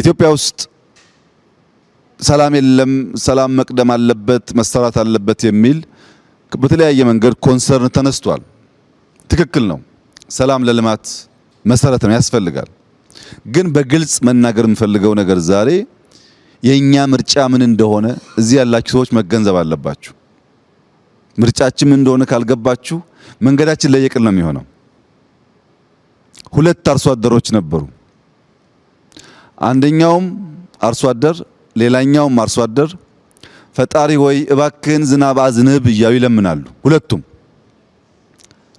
ኢትዮጵያ ውስጥ ሰላም የለም፣ ሰላም መቅደም አለበት፣ መሰራት አለበት የሚል በተለያየ መንገድ ኮንሰርን ተነስቷል። ትክክል ነው። ሰላም ለልማት መሰረት ነው፣ ያስፈልጋል። ግን በግልጽ መናገር የምፈልገው ነገር ዛሬ የኛ ምርጫ ምን እንደሆነ እዚህ ያላችሁ ሰዎች መገንዘብ አለባችሁ። ምርጫችን ምን እንደሆነ ካልገባችሁ መንገዳችን ለየቅል ነው የሚሆነው። ሁለት አርሶ አደሮች ነበሩ። አንደኛውም አርሶ አደር ሌላኛውም አርሶ አደር ፈጣሪ ወይ እባክህን ዝናብ አዝንብ እያሉ ይለምናሉ። ሁለቱም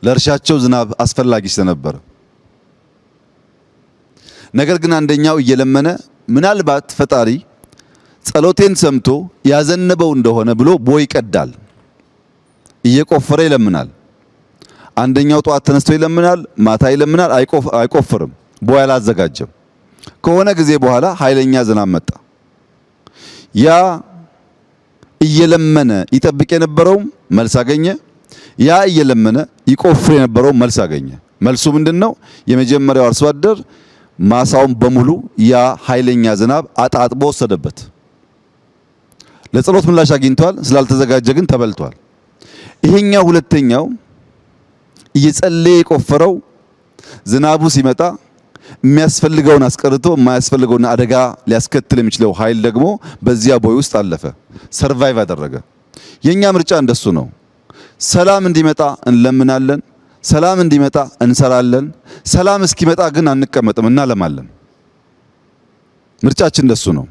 ለእርሻቸው ዝናብ አስፈላጊ ስለነበረ፣ ነገር ግን አንደኛው እየለመነ ምናልባት ፈጣሪ ጸሎቴን ሰምቶ ያዘነበው እንደሆነ ብሎ ቦይ ይቀዳል፣ እየቆፈረ ይለምናል። አንደኛው ጠዋት ተነስቶ ይለምናል፣ ማታ ይለምናል፣ አይቆፍርም፣ ቦይ አላዘጋጀም። ከሆነ ጊዜ በኋላ ኃይለኛ ዝናብ መጣ። ያ እየለመነ ይጠብቅ የነበረው መልስ አገኘ። ያ እየለመነ ይቆፍር የነበረው መልስ አገኘ። መልሱ ምንድነው የመጀመሪያው አርሶ አደር ማሳውን በሙሉ ያ ኃይለኛ ዝናብ አጣጥቦ ወሰደበት። ለጸሎት ምላሽ አግኝቷል፣ ስላልተዘጋጀ ግን ተበልቷል። ይሄኛው ሁለተኛው እየጸለየ የቆፈረው ዝናቡ ሲመጣ የሚያስፈልገውን አስቀርቶ የማያስፈልገውን አደጋ ሊያስከትል የሚችለው ኃይል ደግሞ በዚያ ቦይ ውስጥ አለፈ፣ ሰርቫይቭ አደረገ። የኛ ምርጫ እንደሱ ነው። ሰላም እንዲመጣ እንለምናለን፣ ሰላም እንዲመጣ እንሰራለን። ሰላም እስኪመጣ ግን አንቀመጥም፣ እናለማለን። ምርጫችን እንደሱ ነው።